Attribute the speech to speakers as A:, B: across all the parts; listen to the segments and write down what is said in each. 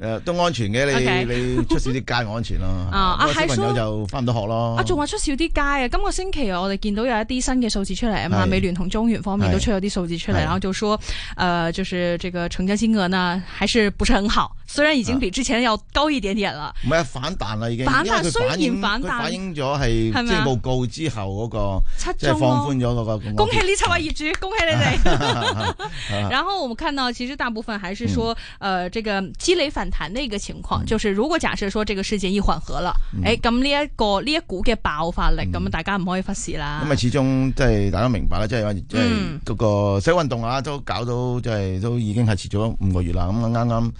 A: 誒都安全嘅，你 Okay. 你出少啲街安全咯。 啊、小朋友就翻唔到學咯。啊，仲話
B: 出少啲街啊！今個星期我哋見到有一啲新嘅數字出嚟啊嘛，是美聯同中原方面都出咗啲數字出嚟，是然後就說，誒、呃，就是這個成交金額呢，還是不是很好。雖然已經比之前要高一點點啦，
A: 唔係啊反彈啦已經，因為佢反映，佢反映咗係即係報告之後嗰個，即係放寬咗個恭喜呢
B: 七位業主，恭喜你哋。
A: 然
B: 後我們看到，其實大部分還是說，誒，這個積累反彈的一個情況，就是如果假設說，這個事件一緩和啦，誒，咁呢一個呢一股嘅爆發力，咁大家唔可以忽視啦。咁
A: 啊，始終即係大家明白啦，即係即係嗰個社運動啊，都搞到即係都已經係持咗五個月啦，咁啊啱啱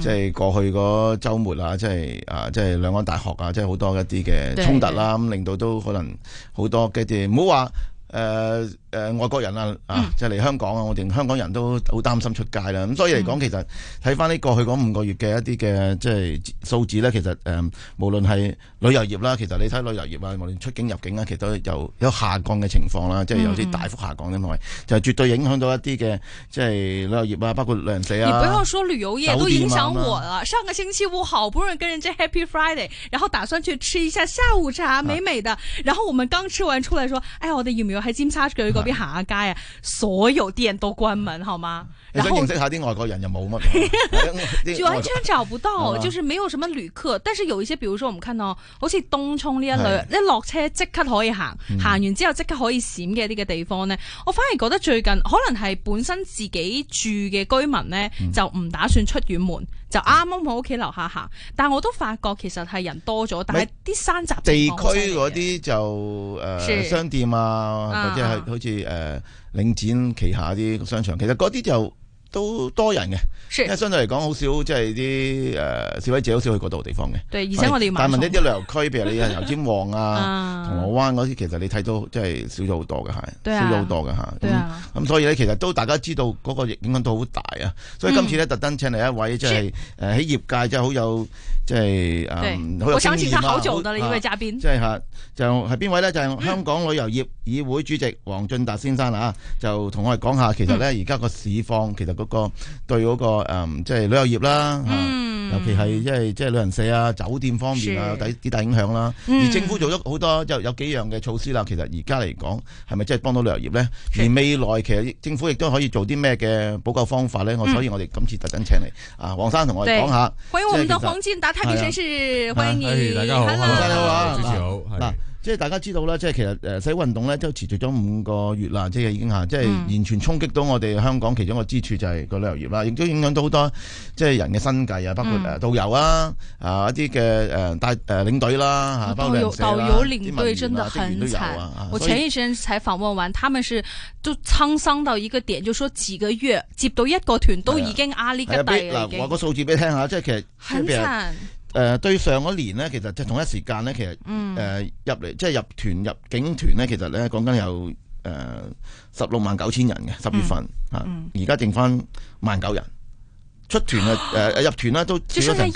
A: 即係。過去嗰周末啊，即係啊，即係兩間大學啊，即係好多一啲嘅衝突啦，咁對令到都可能好多嘅嘢，唔好話誒。呃誒、呃、外國人啊，嗯、啊即係嚟香港啊，我哋香港人都好擔心出街啦。咁所以嚟講、嗯其，其實睇翻呢過去嗰五個月嘅一啲嘅即係數字咧，其實誒無論係旅遊業啦，其實你睇旅遊業啊，無論出境入境啊，其實都有，有下降嘅情況啦，即係有啲大幅下降嘅、啊、內，嗯、就絕對影響到一啲嘅即係旅遊業啊，包括旅行社啊。你不要說旅遊業都影響我
B: 啦！我樣上個星期我好不容易跟人家 Happy Friday，然後打算去吃一下下午茶，美美的。啊、然後我們剛吃完出嚟，說：，哎呀，我哋有冇喺尖沙咀。邊行下街啊，所有店都關門，好嗎？嗯想認識
A: 下啲外國人又冇乜，完全找唔到，就是沒
B: 有什麼旅客。但是有一些，譬如說，我們看到好似東涌呢，一類，一落車即刻可以行，行完之後即刻可以閃嘅呢個地方呢，我反而覺得最近可能係本身自己住嘅居民呢，就唔打算出遠門，就啱啱喺屋企樓下行。但我都發覺其實係人多咗，但係啲山集地區
A: 嗰啲就誒商店啊，或者係好似誒領展旗下啲商場，其實嗰啲就。都多人嘅，因為相對嚟講好少，即係啲誒示威者好少去嗰度地方嘅。
B: 而且我哋但係問一
A: 啲旅遊區，譬如你啊油尖旺啊、銅鑼灣嗰啲，其實你睇到即係少咗好多嘅，係少咗好多嘅吓。咁所以咧，其實都大家知道嗰個影響都好大啊。所以今次咧，特登請嚟一位即係誒喺業界真係好有即係誒，我想請下好久嘅一位嘉賓，即係吓就係邊位咧？就係香港旅遊業議會主席黃進達先生啊。就同我哋講下，其實咧而家個市況其實。對嗰個即係旅遊業啦，尤其係即係即係旅行社啊、酒店方面啊，有幾大影響啦。而政府做咗好多，有有幾樣嘅措施啦。其實而家嚟講，係咪真係幫到旅遊業咧？而未來其實政府亦都可以做啲咩嘅補救方法咧？我所以我哋今次特登請嚟啊，黃生同我哋講下。歡迎我哋嘅黃
C: 進達太平紳士，歡迎你。大家
A: 好，主持人好。即係大家知道啦，即係其實誒，示威運動咧就持續咗五個月啦，即係已經吓，即係完全衝擊到我哋香港其中一個支柱就係個旅遊業啦，亦都影響到好多即係人嘅生計啊，包括誒導遊、嗯、啊，啊一啲嘅誒帶誒領隊啦，吓，包括旅行社啊，真的很慘啊，啲文員啊，職員都有啊。我前一段
B: 時間採訪問完，他們是都滄桑到一個點，就說幾個月接到一個團都已經阿彌陀佛啦。嗱、啊，我、啊、講個
A: 數字俾你聽下，即係其實。其實誒、呃，對上一年咧，其實即係同一時間咧，其實誒、呃、入嚟，即係入團入境團咧，其實咧講緊有誒十六萬九千人嘅十月份，吓，而家剩翻萬九人出團啊，誒入團啦，都即係都係成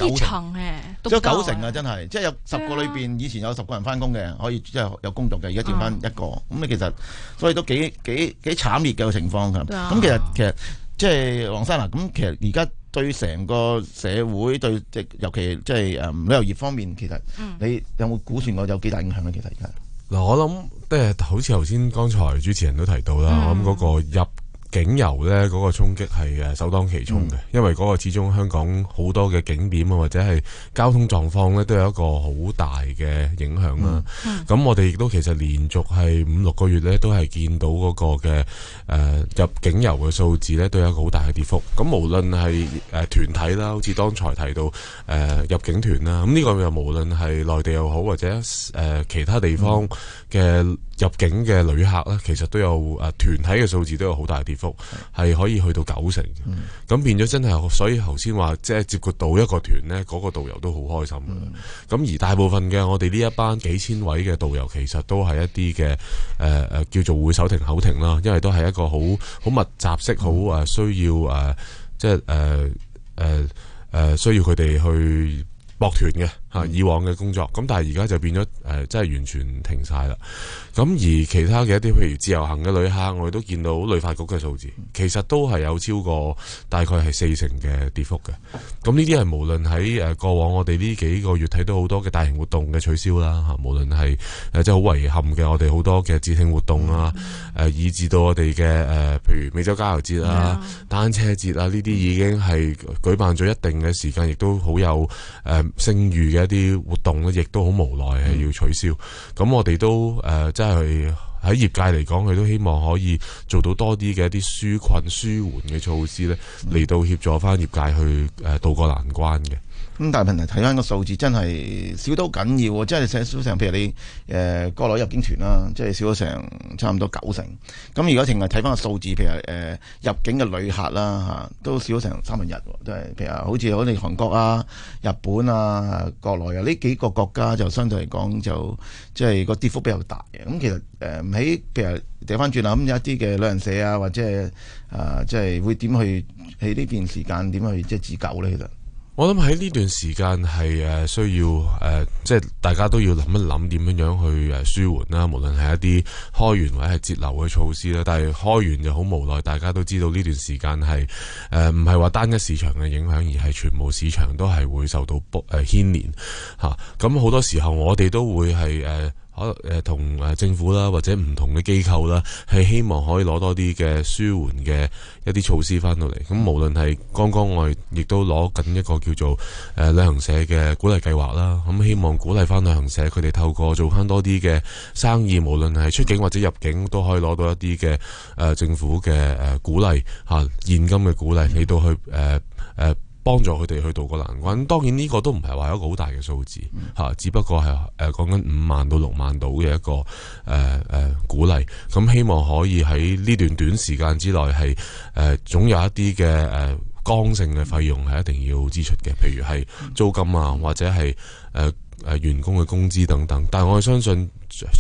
A: 九成啊，真係，即係有十個裏邊，啊、以前有十個人翻工嘅，可以即係有工作嘅，而家剩翻一個，咁你、啊嗯、其實所以都幾幾幾慘烈嘅個情況咁、啊嗯、其實其實即係黃生啊，咁其實而家。對成個社會，對即尤其即係誒旅遊業方面，其實
D: 你有冇估算過有幾大影響咧？其實而家嗱，我諗即係好似頭先剛才主持人都提到啦，嗯、我諗嗰個入。景遊呢嗰個衝擊係誒首當其衝嘅。嗯、因為嗰個始終香港好多嘅景點或者係交通狀況呢，都有一個好大嘅影響啦。咁、嗯嗯、我哋亦都其實連續係五六個月呢，都係見到嗰個嘅誒入境遊嘅數字呢，都有一個好大嘅跌幅。咁無論係誒團體啦，好似剛才提到誒、呃、入境團啦，咁呢個又無論係內地又好，或者誒、呃、其他地方嘅入境嘅旅客咧，其實都有誒團體嘅數字都有好大嘅跌幅，係是可以去到九成。咁、嗯、變咗真係，所以頭先話即係接個到一個團呢，嗰、那個導遊都好開心咁、嗯、而大部分嘅我哋呢一班幾千位嘅導遊，其實都係一啲嘅誒叫做會手停口停啦，因為都係一個好好密集式好需要誒、呃、即係誒、呃呃呃、需要佢哋去博團嘅。啊、以往嘅工作咁，但係而家就變咗誒、呃、真係完全停晒啦。咁而其他嘅一啲，譬如自由行嘅旅客，我哋都見到旅發局嘅數字，其實都係有超過大概係四成嘅跌幅嘅。咁呢啲係無論喺誒過往我哋呢幾個月睇到好多嘅大型活動嘅取消啦。吓無論係誒即係好遺憾嘅，我哋好多嘅節慶活動、嗯、啊、誒以至到我哋嘅誒譬如美酒佳餚節啊、嗯、單車節啊呢啲，已經係舉辦咗一定嘅時間亦都好有誒聲譽嘅。呃一啲活動咧，亦都好無奈係要取消。咁、嗯、我哋都誒，即係喺業界嚟講，佢都希望可以做到多啲嘅一啲紓困紓緩嘅措施咧，嚟到協助返業界去誒、呃、渡過難關嘅。咁但係問題睇翻個數字真係少到緊要，真係少
A: 少成，譬如你誒國內入境團啦，即係少咗成差唔多九成。咁如果淨係睇翻個數字，譬如誒入境嘅旅客啦吓，都少咗成三分一，即係譬如好似我哋韓國啊、日本啊、國內啊呢幾個國家就相對嚟講就即係、就是、個跌幅比較大。嘅。咁其實誒喺譬如掉翻轉啦，咁有一啲嘅旅行社啊，或者係即係會點去喺呢段時間點去即係自救
D: 咧？其實。我諗喺呢段時間係誒需要誒、呃，即係大家都要諗一諗點樣樣去誒舒緩啦，無論係一啲開源或者係節流嘅措施啦，但係開源就好無奈。大家都知道呢段時間係誒唔係話單一市場嘅影響，而係全部市場都係會受到波誒牽連吓。咁、啊、好多時候我哋都會係誒。呃誒同政府啦，或者唔同嘅機構啦，係希望可以攞多啲嘅舒緩嘅一啲措施翻到嚟。咁無論係剛剛我亦都攞緊一個叫做誒旅行社嘅鼓勵計劃啦，咁希望鼓勵翻旅行社佢哋透過做翻多啲嘅生意，無論係出境或者入境，都可以攞到一啲嘅誒政府嘅鼓勵嚇，現金嘅鼓勵，你到去誒誒。幫助佢哋去渡過難關，當然呢個都唔係話一個好大嘅數字，吓，只不過係誒講緊五萬到六萬度嘅一個誒誒、呃呃、鼓勵，咁希望可以喺呢段短時間之內係誒總有一啲嘅誒剛性嘅費用係一定要支出嘅，譬如係租金啊，或者係誒誒員工嘅工資等等。但係我相信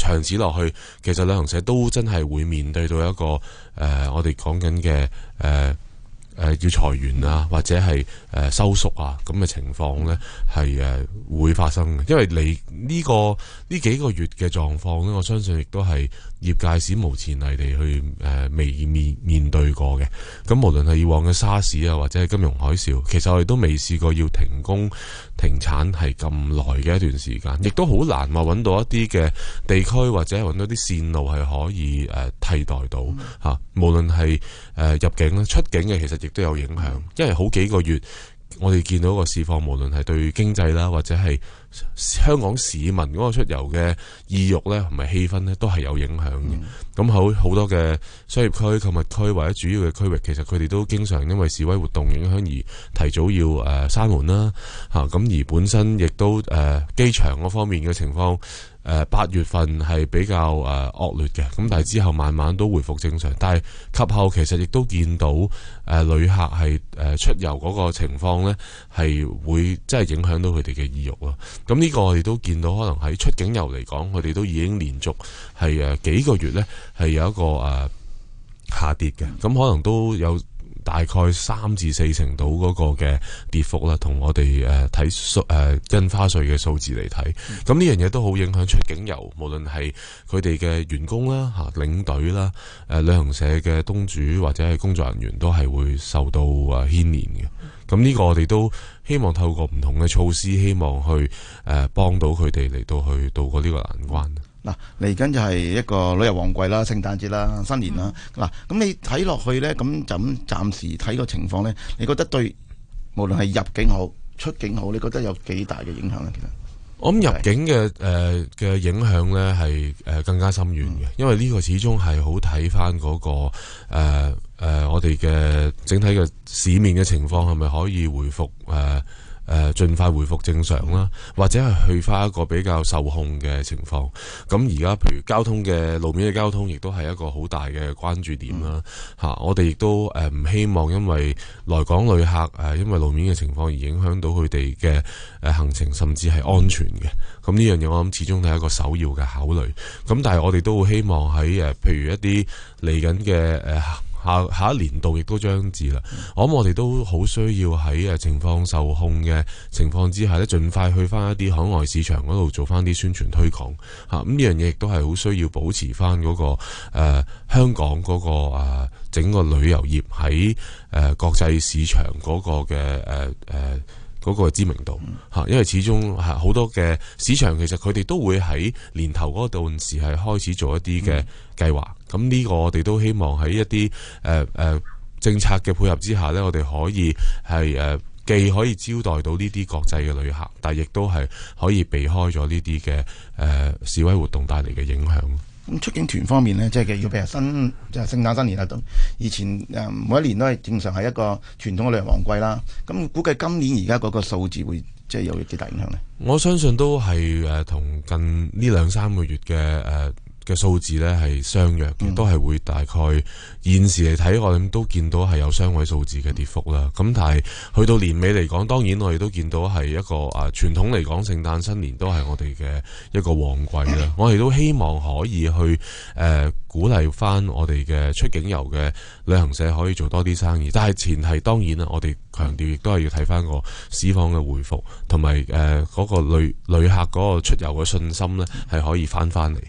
D: 長此落去，其實旅行社都真係會面對到一個誒、呃、我哋講緊嘅誒。呃誒要裁員啊，或者係誒收縮啊咁嘅情況呢，係誒會發生嘅，因為你、這、呢個呢幾個月嘅狀況呢，我相信亦都係。業界史無前例地去誒未、呃、面面對過嘅，咁無論係以往嘅沙士啊，或者係金融海嘯，其實我哋都未試過要停工停產係咁耐嘅一段時間，亦都好難話揾到一啲嘅地區或者揾到啲線路係可以誒、呃、替代到嚇，嗯、無論係誒、呃、入境出境嘅，其實亦都有影響，嗯、因為好幾個月。我哋見到個市況，無論係對經濟啦，或者係香港市民嗰個出遊嘅意欲呢，同埋氣氛呢，都係有影響嘅。咁好好多嘅商業區、購物區或者主要嘅區域，其實佢哋都經常因為示威活動影響而提早要誒、呃、閂門啦。咁、啊、而本身亦都誒機、呃、場嗰方面嘅情況。八、呃、月份係比較誒、呃、惡劣嘅，咁但係之後慢慢都回復正常。但係及後其實亦都見到誒、呃呃、旅客係誒、呃、出遊嗰個情況呢，係會真係影響到佢哋嘅意欲咯。咁呢個我哋都見到，可能喺出境遊嚟講，佢哋都已經連續係誒幾個月呢，係有一個誒、呃、下跌嘅，咁可能都有。大概三至四成度嗰個嘅跌幅啦，同我哋誒睇數誒、啊、印花稅嘅數字嚟睇，咁呢、嗯、樣嘢都好影響出境遊，無論係佢哋嘅員工啦、嚇、啊、領隊啦、誒、啊、旅行社嘅東主或者係工作人員都係會受到誒牽連嘅。咁呢個我哋都希望透過唔同嘅措施，希望去誒、啊、幫到佢哋嚟到去渡過呢個難關。嗱，嚟緊就係一個旅遊旺季啦、聖誕節啦、新年啦。嗱、
A: 嗯，咁你睇落去呢，咁就咁暫時睇個情況呢，你覺得對無論係入境好、出境好，你覺得有幾大嘅影響咧？其實
D: 我諗入境嘅誒嘅影響呢係誒更加深遠嘅，嗯、因為呢個始終係好睇翻嗰個誒、呃呃、我哋嘅整體嘅市面嘅情況係咪可以回復誒。呃誒，盡快回復正常啦，或者係去翻一個比較受控嘅情況。咁而家譬如交通嘅路面嘅交通，亦都係一個好大嘅關注點啦。吓、嗯，我哋亦都誒唔希望，因為來港旅客誒，因為路面嘅情況而影響到佢哋嘅誒行程，甚至係安全嘅。咁呢、嗯、樣嘢我諗始終都係一個首要嘅考慮。咁但係我哋都會希望喺誒，譬如一啲嚟緊嘅誒。呃下下一年度亦都將至啦，我諗我哋都好需要喺情況受控嘅情況之下咧，盡快去翻一啲海外市場嗰度做翻啲宣傳推廣嚇，咁呢樣嘢亦都係好需要保持翻、嗰、嗰個、呃、香港嗰、嗰個、呃、整個旅遊業喺誒、呃、國際市場嗰個嘅誒、呃呃嗰個知名度吓，因為始終好多嘅市場，其實佢哋都會喺年頭嗰段時係開始做一啲嘅計劃。咁呢、嗯、個我哋都希望喺一啲、呃、政策嘅配合之下呢，我哋可以係既可以招待到呢啲國際嘅旅客，但亦都係可以避開咗呢啲嘅、呃、示威活動帶嚟嘅影響。
A: 咁出境團方面呢，即係要譬如新，即係聖誕新年啊，咁以前誒每一年都係正常係一個傳統嘅旅遊旺季啦。咁估計今年而家嗰個數字會即係有幾大影響呢？
D: 我相信都係誒同近呢兩三個月嘅誒。嘅數字呢係相若，都係會大概現時嚟睇，我哋都見到係有雙位數字嘅跌幅啦。咁但係去到年尾嚟講，當然我哋都見到係一個啊傳統嚟講，聖誕新年都係我哋嘅一個旺季啦。我哋都希望可以去誒、呃、鼓勵翻我哋嘅出境遊嘅旅行社可以做多啲生意，但係前提當然啦，我哋強調亦都係要睇翻個市況嘅回復，同埋誒嗰個旅旅客嗰個出遊嘅信心呢係可以翻翻嚟。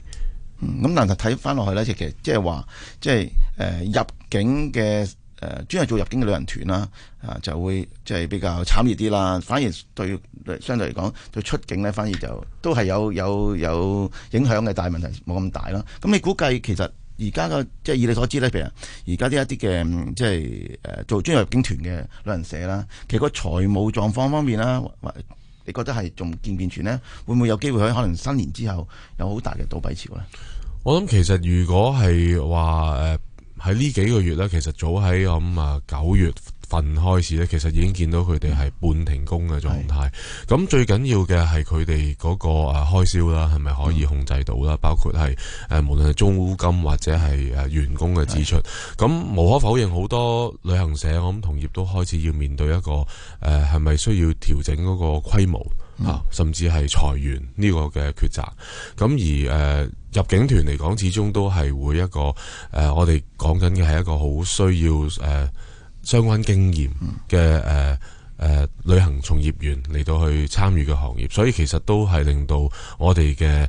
D: 咁、嗯、但係睇翻落去咧，其實即係話，即、就、係、是呃、
A: 入境嘅、呃、專係做入境嘅旅行團啦，啊就會即係、就是、比較慘烈啲啦。反而對相對嚟講，對出境咧反而就都係有有有影響嘅，大問問題冇咁大啦。咁你估計其實而家嘅即係以你所知咧，譬如而家呢一啲嘅即係、呃、做專做入境團嘅旅行社啦，其實個財務狀況方面啦，你覺得係仲健唔健全咧？會唔會有機會喺可能新年之後有好大嘅倒閉潮咧？
D: 我諗其實如果係話誒喺呢幾個月呢，其實早喺咁啊九月份開始呢，其實已經見到佢哋係半停工嘅狀態。咁的最緊要嘅係佢哋嗰個誒開銷啦，係咪可以控制到啦？的包括係誒無論係租金或者係誒員工嘅支出。咁、呃呃呃呃呃呃、無可否認，好多旅行社我諗同業都開始要面對一個誒係咪需要調整嗰個規模啊，的甚至係裁員呢個嘅抉擇。咁而誒。呃入境團嚟講，始終都係會一個誒、呃，我哋講緊嘅係一個好需要誒、呃、相關經驗嘅誒誒旅行從業員嚟到去參與嘅行業，所以其實都係令到我哋嘅。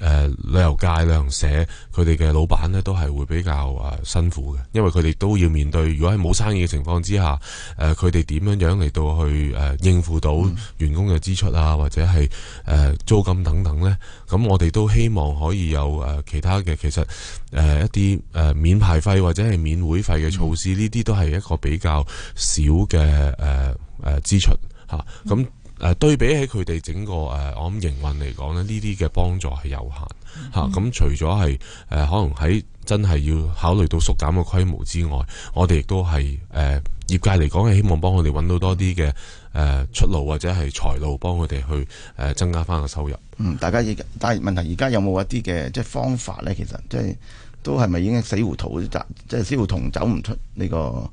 D: 誒、呃、旅遊界旅行社佢哋嘅老闆呢都係會比較誒、呃、辛苦嘅，因為佢哋都要面對，如果係冇生意嘅情況之下，誒佢哋點樣樣嚟到去誒、呃、應付到員工嘅支出啊，或者係誒、呃、租金等等呢？咁我哋都希望可以有誒、呃、其他嘅，其實誒、呃、一啲誒、呃、免牌費或者係免會費嘅措施，呢啲、嗯、都係一個比較少嘅誒誒支出咁。啊誒、呃，對比起佢哋整個誒、呃，我諗營運嚟講呢，呢啲嘅幫助係有限吓咁、嗯啊、除咗係誒，可能喺真係要考慮到縮減嘅規模之外，我哋亦都係誒，業界嚟講係希望幫我哋搵到多啲嘅誒出路或者係財路幫，幫佢哋去誒增加翻個收入。嗯，大家但係問
A: 題而家有冇一啲嘅即係方法呢？其實即係都係咪已經死胡同？即係死胡同走唔出呢、這個？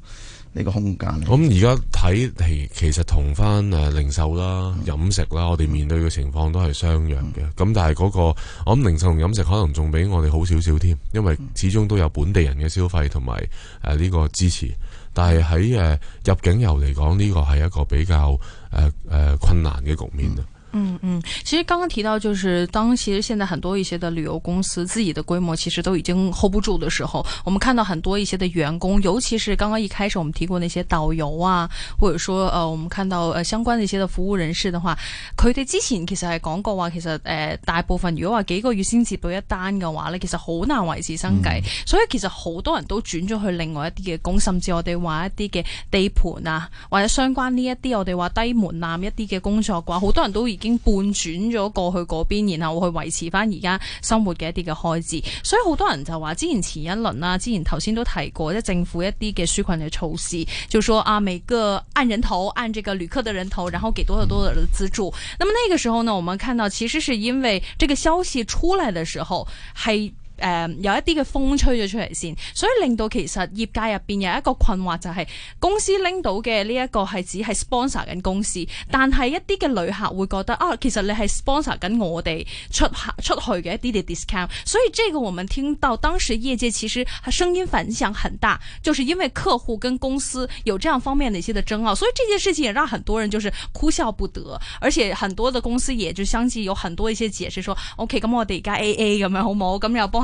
A: 呢個
D: 空間，咁而家睇其其實同返零售啦、飲食啦，我哋面對嘅情況都係相若嘅。咁、嗯、但係嗰、嗰個，我諗零售同飲食可能仲比我哋好少少添，因為始終都有本地人嘅消費同埋呢個支持。但係喺、呃、入境遊嚟講，呢、呢個係一個比較、呃、困難嘅局面、嗯。
B: 嗯嗯，其實剛剛提到，就是當其實現在很多一些的旅遊公司自己的規模其實都已經 hold 不住的時候，我們看到很多一些的員工，尤其是剛剛一開始我們提過那些導遊啊，或者說呃，我們看到呃相關的一些的服務人士的話，佢哋之前其實係講過話，其實誒、呃、大部分如果話幾個月先接到一單嘅話咧，其實好難維持生計，嗯、所以其實好多人都轉咗去另外一啲嘅工，甚至我哋話一啲嘅地盤啊，或者相關呢一啲我哋話低門檻一啲嘅工作嘅話，好多人都已經。經半轉咗過去嗰邊，然後去維持翻而家生活嘅一啲嘅開支，所以好多人就話，之前前一輪啦，之前頭先都提過，即政府一啲嘅紓困嘅措施，就說啊，每個按人頭，按這個旅客的人頭，然後給多咗多咗嘅資助。嗯、那麼那個時候呢，我們看到其實是因為這個消息出來的時候，係。誒，um, 有一啲嘅風吹咗出嚟先，所以令到其實業界入邊有一個困惑就係公司拎到嘅呢一個係只係 sponsor 緊公司，但係一啲嘅旅客會覺得啊，其實你係 sponsor 緊我哋出吓出去嘅一啲嘅 discount，所以這個我們聽到當時業界其實聲音反響很大，就是因為客戶跟公司有這樣方面的一些的爭拗，所以這件事情也讓很多人就是哭笑不得，而且很多的公司也就相繼有很多一些解釋說 OK 咁我哋而家 AA 咁樣好唔好咁又幫。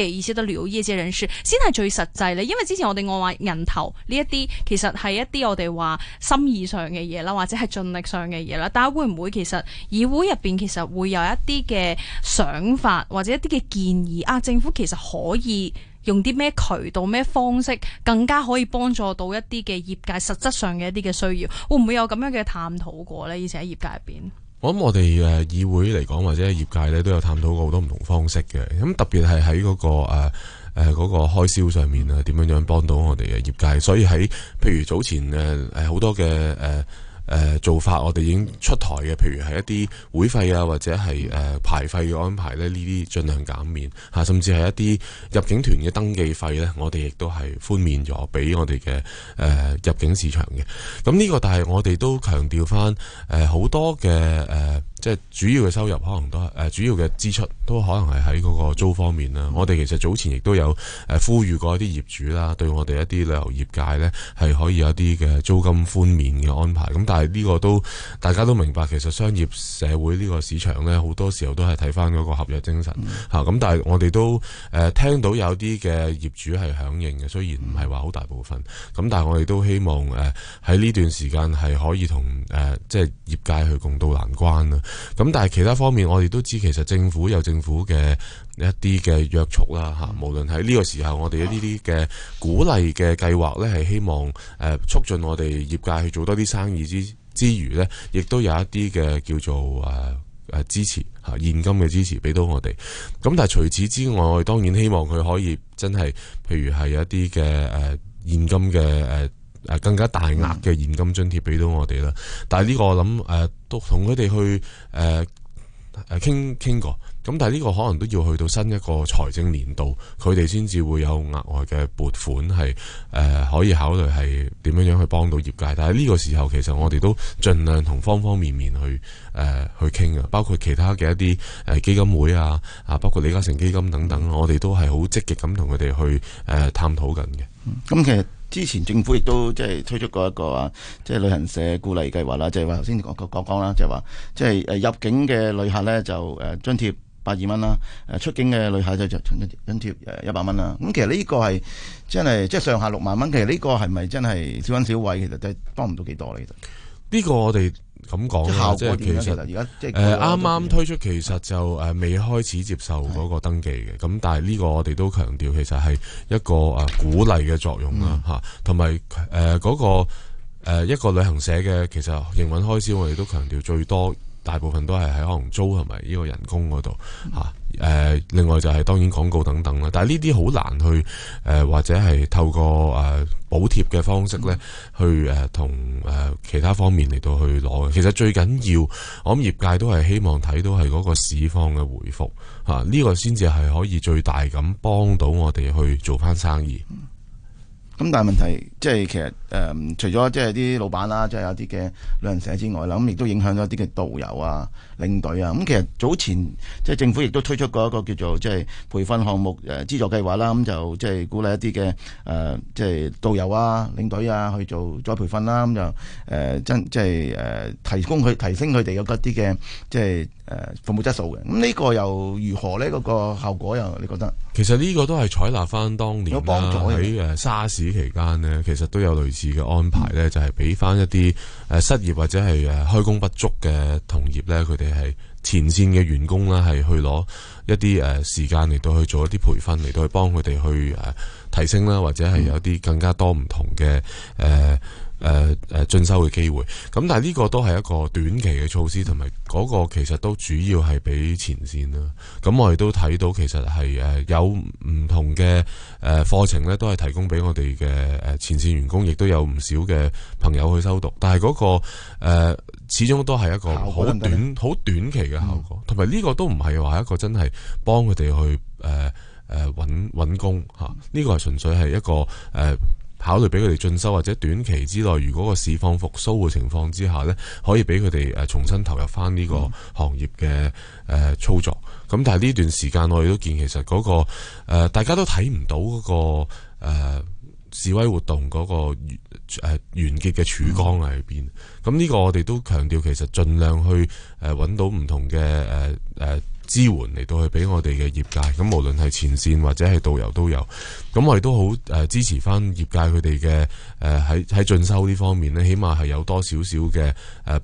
B: 嘅意思得了呢啲嘢，人算先係最實際咧。因為之前我哋我話人頭呢一啲，其實係一啲我哋話心意上嘅嘢啦，或者係盡力上嘅嘢啦。但係會唔會其實議會入面，其實會有一啲嘅想法，或者一啲嘅建議啊？政府其實可以用啲咩渠道、咩方式，更加可以幫助到一啲嘅業界實質上嘅一啲嘅需要，會唔會有咁樣嘅探討過呢？以前喺業界入面。
D: 我諗我哋誒議會嚟講，或者業界咧都有探討過好多唔同方式嘅，咁特別係喺嗰個誒誒嗰個開銷上面啊，點樣樣幫到我哋嘅業界？所以喺譬如早前誒誒好多嘅誒。呃誒、呃、做法我哋已經出台嘅，譬如係一啲會費啊，或者係誒、呃、排費嘅安排呢，呢啲盡量減免、啊、甚至係一啲入境團嘅登記費呢，我哋亦都係寬免咗俾我哋嘅誒入境市場嘅。咁呢、呢個但係我哋都強調翻誒好多嘅誒。呃即係主要嘅收入可能都係主要嘅支出都可能係喺嗰個租方面啦。我哋其實早前亦都有呼籲過一啲業主啦，對我哋一啲旅遊業界呢，係可以有一啲嘅租金寬免嘅安排。咁但係呢個都大家都明白，其實商業社會呢個市場呢，好多時候都係睇翻嗰個合約精神。咁但係我哋都誒聽到有啲嘅業主係響應嘅，雖然唔係話好大部分。咁但係我哋都希望誒喺呢段時間係可以同誒即係業界去共度難關啦。咁但係其他方面，我哋都知其實政府有政府嘅一啲嘅約束啦吓，無論喺呢個時候，我哋一啲啲嘅鼓勵嘅計劃呢，係希望誒促進我哋業界去做多啲生意之之餘呢，亦都有一啲嘅叫做誒誒支持吓現金嘅支持俾到我哋。咁但係除此之外，當然希望佢可以真係，譬如係有一啲嘅誒現金嘅誒。誒，更加大額嘅現金津貼俾到我哋啦、嗯呃呃。但係呢個我諗誒，都同佢哋去誒誒傾傾過。咁但係呢個可能都要去到新一個財政年度，佢哋先至會有額外嘅撥款係誒、呃，可以考慮係點樣樣去幫到業界。但係呢個時候，其實我哋都盡量同方方面面去誒、呃、去傾啊，包括其他嘅一啲誒基金會啊，啊，包括李嘉誠基金等等，我哋都係好積極咁同佢哋去誒、呃、探討緊嘅。咁其實。嗯嗯嗯嗯之前政府亦都即係推出過一個啊，即係旅行社鼓勵
A: 計劃啦，即係話頭先講講講啦，即係話即係誒入境嘅旅客咧就誒津貼百二蚊啦，誒出境嘅旅客就就津貼誒一百蚊啦。咁其實呢個係真係即係上下六萬蚊，其實呢個係咪真係小恩小惠？其實真係幫唔到幾多咧。其
D: 實呢個我哋。咁講下，即係其實而家，誒，啱啱、呃、推出其實就誒未的開始接受嗰個登記嘅，咁的但係呢個我哋都強調，其實係一個誒、呃、鼓勵嘅作用啦，吓、嗯，同埋誒嗰個誒、呃、一個旅行社嘅，其實營運開始，我哋都強調最多。大部分都係喺可能租同埋呢個人工嗰度嚇？誒，另外就係當然廣告等等啦。但係呢啲好難去誒，或者係透過誒補貼嘅方式呢去誒同誒其他方面嚟到去攞。其實最緊要，我諗業界都係希望睇到係嗰個市況嘅回復嚇，呢個先至係可以最大咁幫到我哋去做翻生意。咁但係問題，
A: 即係其實誒、呃，除咗即係啲老闆啦，即係有啲嘅旅行社之外啦，咁亦都影響咗一啲嘅導遊啊。領隊啊，咁其實早前即係政府亦都推出過一個叫做即係培訓項目誒資助計劃啦，咁就即係鼓勵一啲嘅誒即係導遊啊、領隊啊去做再培訓啦，咁就誒真即係誒提供佢提升佢哋嗰一啲嘅即係誒服務質素嘅。咁、這、呢個又如何呢？嗰、那個效果又你覺得？
D: 其實呢個都係採納翻當年幫助。喺誒 在 沙士期間呢，其實都有類似嘅安排咧，就係俾翻一啲誒失業或者係誒開工不足嘅同業咧，佢哋。係前線嘅員工啦，係去攞一啲誒時間嚟到去做一啲培訓，嚟到去幫佢哋去誒提升啦，或者係有啲更加多唔同嘅誒。嗯呃誒誒，進修嘅機會，咁但係呢個都係一個短期嘅措施，同埋嗰個其實都主要係俾前綫啦。咁我哋都睇到，其實係誒有唔同嘅誒課程咧，都係提供俾我哋嘅誒前綫員工，亦都有唔少嘅朋友去修讀。但係嗰、那個誒、呃，始終都係一個好短、好短期嘅效果，同埋呢個都唔係話一個真係幫佢哋去誒誒搵搵工吓。呢、啊這個係純粹係一個誒。呃考慮俾佢哋進修，或者短期之內，如果個市況復甦嘅情況之下呢，可以俾佢哋重新投入翻呢個行業嘅操作。咁、嗯、但係呢段時間，我哋都見其實嗰、那個、呃、大家都睇唔到嗰、那個、呃、示威活動嗰、那個、呃、完結嘅曙光喺邊。咁呢、嗯、個我哋都強調，其實盡量去誒揾到唔同嘅誒、呃呃支援嚟到去俾我哋嘅業界，咁無論係前線或者係導遊都有，咁我哋都好誒支持返業界佢哋嘅。誒喺喺進修呢方面咧，起碼係有多少少嘅誒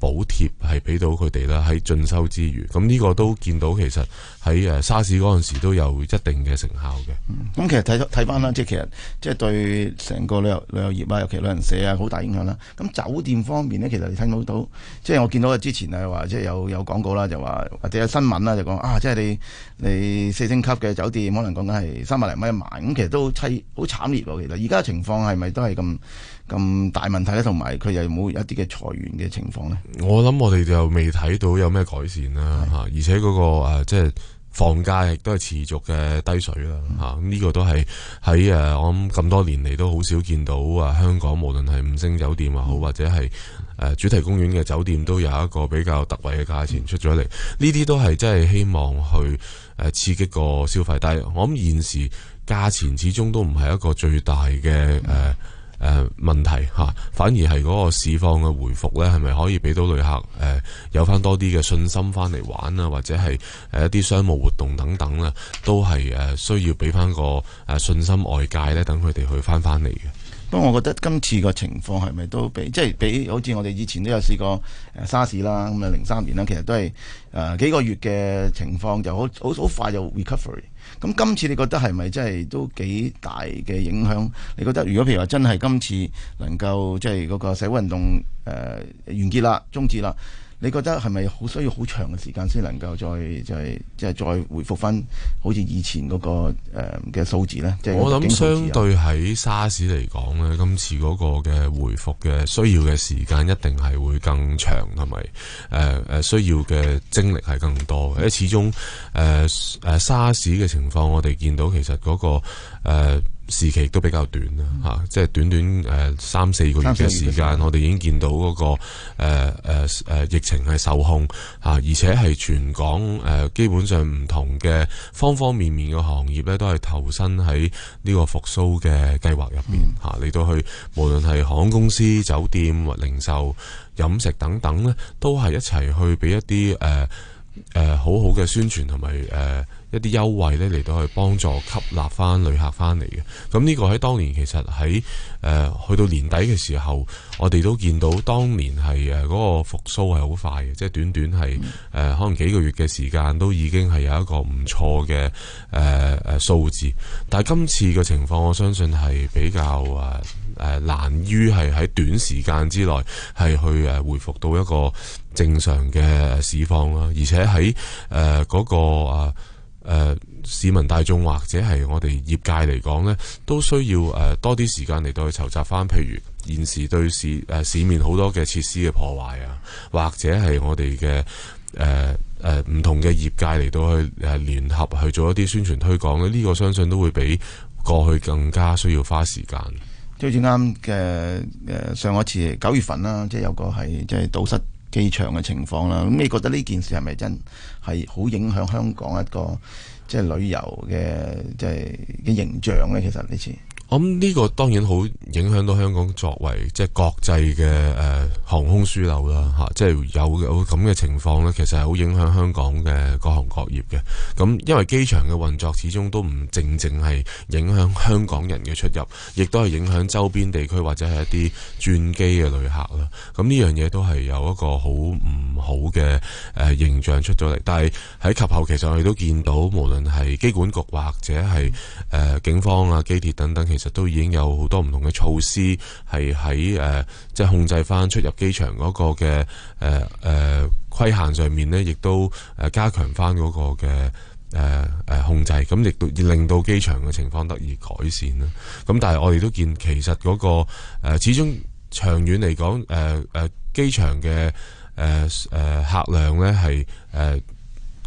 D: 補貼係俾到佢哋啦。喺進修之餘，咁呢個都見到其實喺誒沙士嗰陣時都有一定嘅成效嘅。
A: 咁、嗯、其實睇睇翻啦，即係其實即係對成個旅遊旅遊業啊，尤其旅行社啊，好大影響啦。咁酒店方面咧，其實你聽到，即係我見到之前啊話，即係有有廣告啦，就話或者有新聞啦，就講啊，即係你你四星級嘅酒店可能講緊係三百零蚊一晚，咁其實都悽好慘烈喎。其實而家情況係咪都係咁？咁大問題咧，同埋佢有冇一啲嘅裁員嘅情況呢？
D: 我諗我哋就未睇到有咩改善啦，吓！而且嗰個誒，即係房價亦都係持續嘅低水啦，吓！呢個都係喺誒，我諗咁多年嚟都好少見到啊。香港無論係五星酒店啊，好是的 或者係誒、呃、主題公園嘅酒店，都有一個比較特惠嘅價錢出咗嚟。呢啲是的 都係真係希望去誒、呃、刺激個消費。但係我諗現時價錢始終都唔係一個最大嘅誒。是的 呃誒、呃，問題吓、啊，反而係嗰個市況嘅回復呢，係咪可以俾到旅客誒、呃，有翻多啲嘅信心翻嚟玩啊，或者係誒、呃、一啲商務活動等等咧，都係誒、呃、需要俾翻個誒、呃、信心外界呢。等佢哋去翻翻嚟嘅。不過我覺得今次個情況係咪都比即係、就是、比好似我哋以前都有試
A: 過誒沙士啦，咁啊零三年啦，其實都係誒、呃、幾個月嘅情況就好好好快就 recovery。咁今次你覺得係咪真係都幾大嘅影響？你覺得如果譬如話真係今次能夠即係嗰個社會運動誒、呃、完結啦、終止啦？你覺得係咪好需要好長嘅時間先能夠再就係即係再回復翻好似以前嗰個嘅、呃、數字呢？即係我諗相對
D: 喺沙士嚟講呢，今次嗰個嘅回復嘅需要嘅時間一定係會更長，同埋誒誒需要嘅精力係更多嘅。因為始終誒誒、呃、沙士嘅情況，我哋見到其實嗰個、呃時期都比較短啦，即係短短三四個月嘅時間，我哋已經見到嗰、嗰個誒、呃呃、疫情係受控，而且係全港基本上唔同嘅方方面面嘅行業咧，都係投身喺呢個復甦嘅計劃入面。你嚟到去無論係航空公司、酒店或零售、飲食等等咧，都係一齊去俾一啲誒誒好好嘅宣傳同埋一啲優惠呢，嚟到去幫助吸納翻旅客翻嚟嘅，咁呢個喺當年其實喺、呃、去到年底嘅時候，我哋都見到當年係嗰、嗰個復甦係好快嘅，即係短短係、呃、可能幾個月嘅時間，都已經係有一個唔錯嘅誒誒數字。但係今次嘅情況，我相信係比較誒誒、呃、難於係喺短時間之內係去誒回復到一個正常嘅市況啦，而且喺誒嗰個啊。呃誒、呃、市民大眾或者係我哋業界嚟講咧，都需要誒、呃、多啲時間嚟到去籌集翻，譬如現時對市誒、呃、市面好多嘅設施嘅破壞啊，或者係我哋嘅誒誒唔同嘅業界嚟到去誒、呃、聯合去做一啲宣傳推廣咧，呢、呢個相信都會比過去更加需要花時間。
A: 就好似啱嘅誒上一次九月份啦，即係有個係即係堵塞。機場嘅情況啦，咁你覺得呢件事係咪真係好影響香港一個即係、即係、旅遊嘅即係嘅形象呢？其實你知。
D: 咁呢個當然好影響到香港作為即係國際嘅誒航空樞紐啦，吓即係有有咁嘅情況咧，其實係好影響香港嘅各行各業嘅。咁因為機場嘅運作始終都唔正正係影響香港人嘅出入，亦都係影響周邊地區或者係一啲轉機嘅旅客啦。咁呢樣嘢都係有一個好唔好嘅誒形象出咗嚟。但係喺及後其實我哋都見到，無論係機管局或者係誒、呃、警方啊、機鐵等等。其實都已經有好多唔同嘅措施，係喺誒即係控制翻出入機場嗰個嘅誒誒規限上面呢，亦都誒加強翻嗰個嘅誒誒控制，咁亦都令到機場嘅情況得以改善啦。咁但係我哋都見其實嗰個誒，始終長遠嚟講誒誒，機場嘅誒誒客量呢係誒。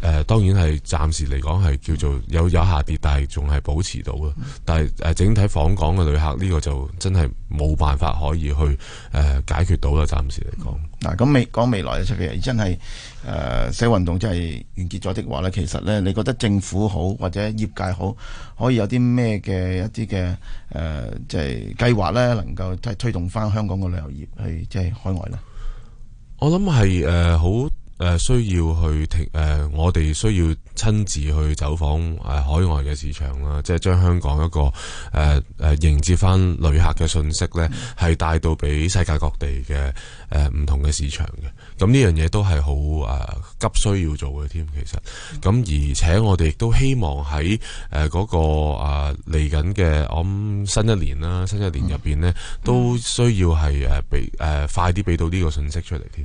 D: 誒、呃，當然係暫時嚟講係叫做有有下跌，但係仲係保持到咯，但係誒，整體訪港嘅旅客呢，這個就真係冇辦法可以去誒、呃、解決到啦。暫時嚟講，嗱咁
A: 未講未來啊，出邊真係誒，社、呃、運動真係完結咗的話呢，其實呢，你覺得政府好或者業界好，可以有啲咩嘅一啲嘅誒，即係計劃呢，能夠係推動翻香港嘅旅遊業去即係、就是、海外咧？
D: 我諗係誒好。呃誒、呃，需要去停誒、呃，我哋需要親自去走訪誒、呃、海外嘅市場啦，即係將香港一個誒誒、呃、迎接翻旅客嘅信息呢，係帶、嗯、到俾世界各地嘅誒唔同嘅市場嘅。咁呢樣嘢都係好誒急需要做嘅添，其實。咁、嗯嗯、而且我哋亦都希望喺誒嗰個啊嚟緊嘅，我諗新一年啦，新一年入邊呢，嗯、都需要係誒俾誒快啲俾到呢個信息出嚟添。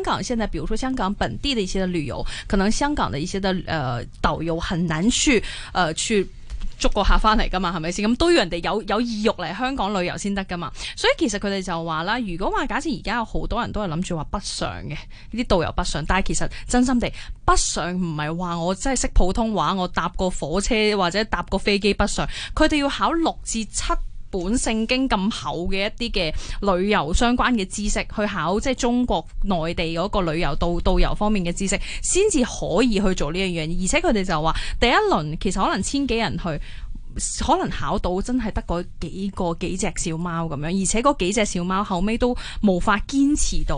B: 香港現在，比如說香港本地的一些旅遊，可能香港的一些的，呃，導遊很難去，呃，去捉個客翻嚟噶嘛，係咪先？咁都要人哋有有意欲嚟香港旅遊先得噶嘛。所以其實佢哋就話啦，如果話假設而家有好多人都係諗住話北上嘅，呢啲導遊北上，但係其實真心地北上唔係話我真係識普通話，我搭個火車或者搭個飛機北上，佢哋要考六至七本聖經咁厚嘅一啲嘅旅遊相關嘅知識去考，即係中國內地嗰個旅遊導導遊方面嘅知識，先至可以去做呢樣嘢。而且佢哋就話，第一輪其實可能千幾人去。可能考到真係得嗰幾個，幾隻小貓咁樣，而且嗰幾隻小貓後尾都無法堅持到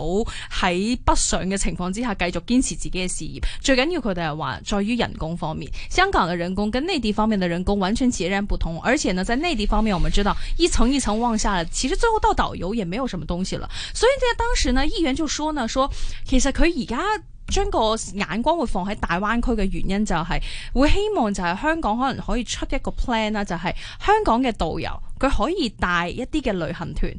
B: 喺不順嘅情況之下繼續堅持自己嘅事業。最緊要佢哋係話在於人工方面，香港嘅人工跟內地方面嘅人工完全截然不同，而且呢，在內地方面，我們知道一層一層往下，其實最後到導遊也沒有什麼東西了。所以在當時呢，議員就說呢，說其實佢而家……」將個眼光會放喺大灣區嘅原因就係會希望就係香港可能可以出一個 plan 啦，就係香港嘅導遊佢可以帶一啲嘅旅行團，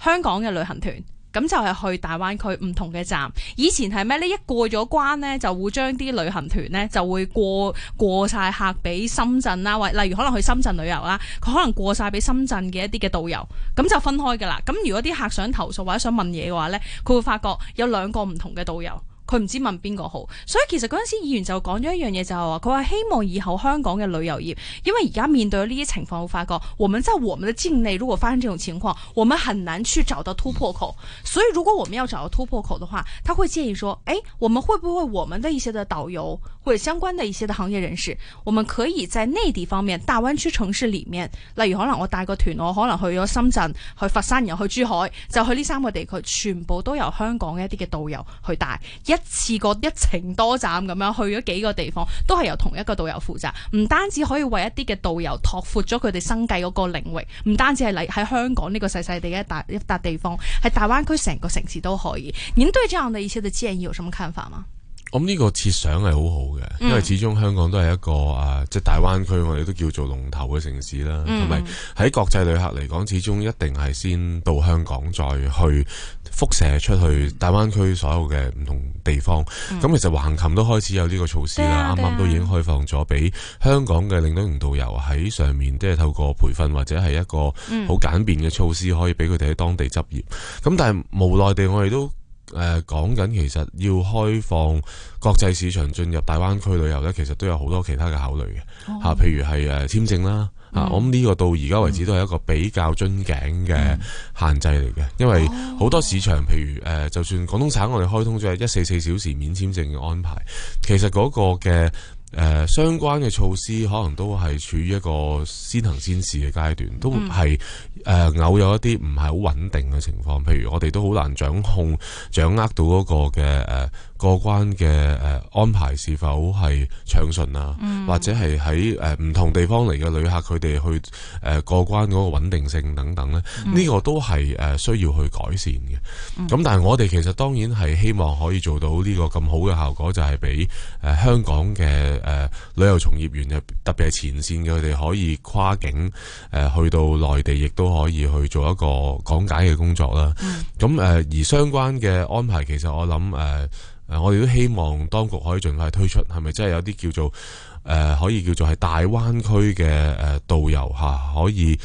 B: 香港嘅旅行團咁就係去大灣區唔同嘅站。以前係咩呢？一過咗關呢，就會將啲旅行團呢，就會過過晒客俾深圳啦，或例如可能去深圳旅遊啦，佢可能過晒俾深圳嘅一啲嘅導遊咁就分開噶啦。咁如果啲客想投訴或者想問嘢嘅話呢，佢會發覺有兩個唔同嘅導遊。佢唔知問邊個好，所以其實嗰陣時議員就講咗一樣嘢，就是，就係話佢話希望以後香港嘅旅遊業，因為而家面對呢啲情況，會發覺我們真係，我們的境內如果發生這種情況，我們很難去找到突破口。所以如果我們要找到突破口的話，佢會建議說，誒、哎，我們會不會我們的一些的導遊或者相關的一些的行業人士，我們可以在內地方面，大灣區城市裏面，例如可能我帶個團我可能去咗深圳，去佛山，然後去珠海，就去呢三個地區，全部都由香港嘅一啲嘅導遊去帶一。一次過一程多站咁樣去咗幾個地方，都係由同一個導遊負責，唔單止可以為一啲嘅導遊拓闊咗佢哋生計嗰個領域，唔單止係嚟喺香港呢個細細地一笪一笪地方，喺大灣區成個城市都可以。尹隊，即係我哋意思，就知係要什麼看法嘛？
D: 咁呢個設想係好好嘅，嗯、因為始終香港都係一個啊，即係大灣區我哋都叫做龍頭嘅城市啦，同埋喺國際旅客嚟講，始終一定係先到香港再去，輻射出去大灣區所有嘅唔同地方，咁、嗯、其實橫琴都開始有呢個措施啦，啱啱、嗯、都已經開放咗俾香港嘅領隊同導遊喺上面，即、就、係、是、透過培訓或者係一個好簡便嘅措施，可以俾佢哋喺當地執業。咁、嗯、但係無奈地，我都，我哋都誒講緊，其實要開放國際市場進入大灣區旅遊呢，其實都有好多其他嘅考慮嘅，嚇、哦，譬如係誒簽證啦。啊！我諗呢個到而家為止都係一個比較樽頸嘅限制嚟嘅，因為好多市場，譬如誒，就算廣東省我哋開通咗一四四小時免簽證嘅安排，其實嗰個嘅誒、呃、相關嘅措施，可能都係處於一個先行先試嘅階段，都係誒、呃、偶有一啲唔係好穩定嘅情況，譬如我哋都好難掌控、掌握到嗰個嘅誒。呃過關嘅安排是否係暢順啊？嗯、或者係喺唔同地方嚟嘅旅客佢哋去誒過關嗰個穩定性等等咧，呢、嗯、個都係需要去改善嘅。咁、嗯、但係我哋其實當然係希望可以做到呢個咁好嘅效果，就係俾香港嘅誒旅遊從業員，特別係前線嘅佢哋可以跨境去到內地，亦都可以去做一個講解嘅工作啦。咁、嗯、而相關嘅安排，其實我諗我哋都希望當局可以盡快推出，係咪真係有啲叫做誒、呃、可以叫做係大灣區嘅誒導遊、啊、可以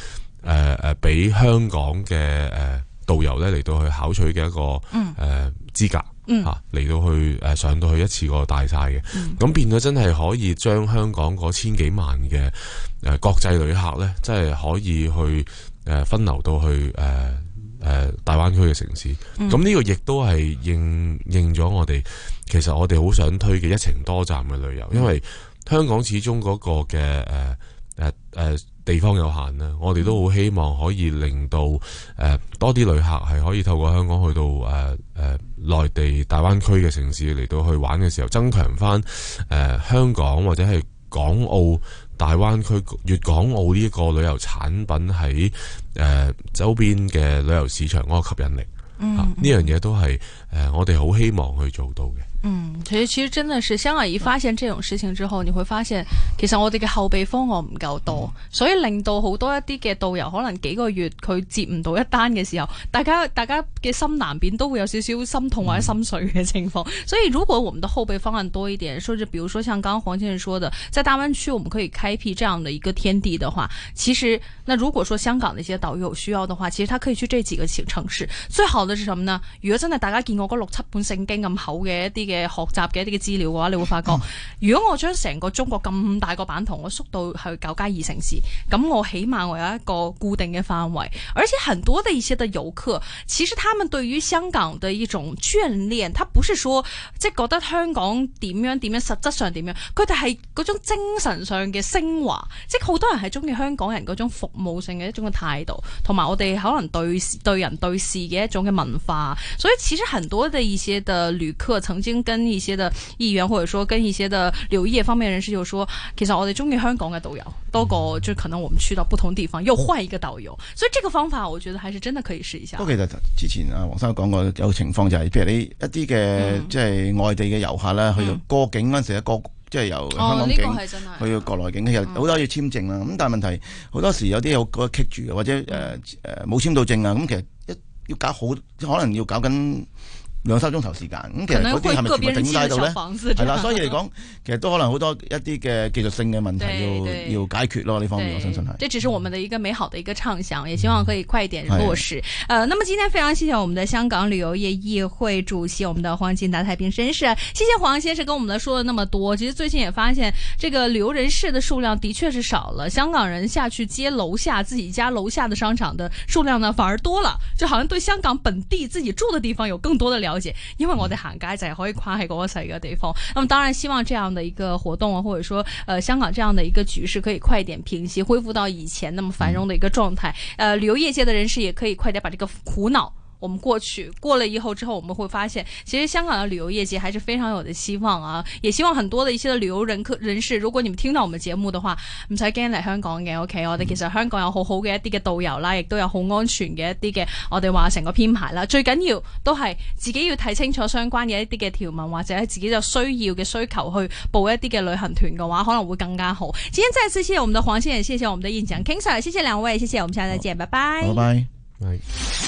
D: 誒俾、呃、香港嘅誒、呃、導遊咧嚟到去考取嘅一個誒、呃、資格嚟、啊、到去上到去一次過帶晒嘅，咁變咗真係可以將香港嗰千幾萬嘅誒國際旅客咧，真係可以去誒分流到去誒。呃誒、呃、大灣區嘅城市，咁呢個亦都係應應咗我哋，其實我哋好想推嘅一程多站嘅旅遊，因為香港始終嗰個嘅誒、呃呃、地方有限啦，我哋都好希望可以令到誒、呃、多啲旅客係可以透過香港去到誒誒、呃呃、內地大灣區嘅城市嚟到去玩嘅時候，增強返誒、呃、香港或者係港澳。大灣區、粵港澳呢個旅遊產品喺誒、呃、周邊嘅旅遊市場嗰個吸引力，呢、嗯啊、樣嘢都係誒、呃、我哋好希望去做到嘅。
B: 嗯，其實其實真的是，當我一發現這種事情之後，你會發現其實我哋嘅後備方案唔夠多，嗯、所以令到好多一啲嘅導遊可能幾個月佢接唔到一單嘅時候，大家大家嘅心難免都會有少少心痛或者心碎嘅情況。嗯、所以如果我們的後備方案多一點，說是比如說像剛剛黃先生說的，在大灣區我們可以開闢這樣的一個天地的話，其實那如果說香港的一些導遊有需要的話，其實他可以去這幾個城市。最好的是什麼呢？如果真係大家見過嗰六七本聖經咁厚嘅一啲。嘅學習嘅一啲嘅資料嘅話，你會發覺，嗯、如果我將成個中國咁大個版圖，我縮到去九加二城市，咁我起碼我有一個固定嘅範圍。而且很多的一些嘅遊客，其實他們對於香港的一種眷戀，他不是說即係覺得香港點樣點樣，實質上點樣，佢哋係嗰種精神上嘅升華。即係好多人係中意香港人嗰種服務性嘅一種嘅態度，同埋我哋可能對對人對事嘅一種嘅文化。所以其實很多的一些的旅客曾經。跟一些嘅議員，或者說跟一些嘅旅遊業方面人士，又說：其實我哋中意香港嘅導遊，多過、嗯、就可能我們去到不同地方，又換一個導遊。哦、所以，這個方法我覺得還是真的可以試一下。都其
A: 實之前啊，黃生講過有情況就係、是，譬如你一啲嘅、嗯、即係外地嘅遊客啦，去過境嗰陣時，過、嗯、即係由香港境、哦這個、去國內境，又好多要簽證啦。咁、嗯、但係問題，好多時有啲有嗰棘住，或者誒誒冇簽到證啊。咁其實一要搞好，可能要搞緊。兩三鐘頭時間，嗯、可能會實嗰啲人唔整房到，所以嚟講，其實都可能好多一啲嘅技術性嘅問題要要解決咯，呢方面。我相信係。這
B: 只是我們的一個美好的一個暢想，嗯、也希望可以快一點落實。嗯嗯、呃，那麼今天非常謝謝我們的香港旅遊業議會主席，我們的黃進達太平紳士。謝謝黃先生跟我們說了那麼多。其實最近也發現，這個旅遊人士的數量的確是少了，香港人下去接樓下自己家樓下的商場的數量呢反而多了，就好像對香港本地自己住的地方有更多的了。了解，因為我哋行街就可以跨喺個細嘅地方。那麼當然希望這樣的一個活動，啊，或者說，呃，香港這樣的一個局勢可以快點平息，恢復到以前那麼繁榮的一個狀態。嗯、呃，旅遊業界的人士也可以快點把這個苦惱。我們過去過了以後之後，我們會發現，其實香港的旅遊業界還是非常有的希望啊！也希望很多的一些的旅遊人人士，如果你們聽到我們的節目嘅話，唔使驚嚟香港嘅。OK，我哋其實香港有很好好嘅一啲嘅導遊啦，亦都有好安全嘅一啲嘅，我哋話成個編排啦。最緊要都係自己要睇清楚相關嘅一啲嘅條文，或者自己就需要嘅需求去報一啲嘅旅行團嘅話，可能會更加好。今天再次謝謝我們的黃先生，謝謝我們的印象 King Sir 謝謝兩位，謝謝，我們下次再見，拜，拜
A: 拜，拜。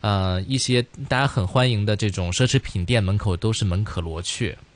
C: 呃，一些大家很歡迎的這種奢侈品店門口都是門可羅雀。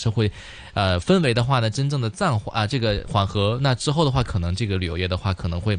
C: 社會，呃，氛圍的話呢，真正的暫緩，啊，這個緩和，那之後的話，可能這個旅遊業的話，可能會。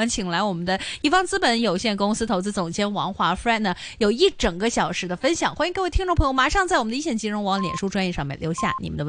B: 我們請來我們的一方資本有限公司投資總監王華 friend 呢，有一整個小時的分享。歡迎各位聽眾朋友，馬上在我們的一線金融網、臉書專業上面留下你們的問題。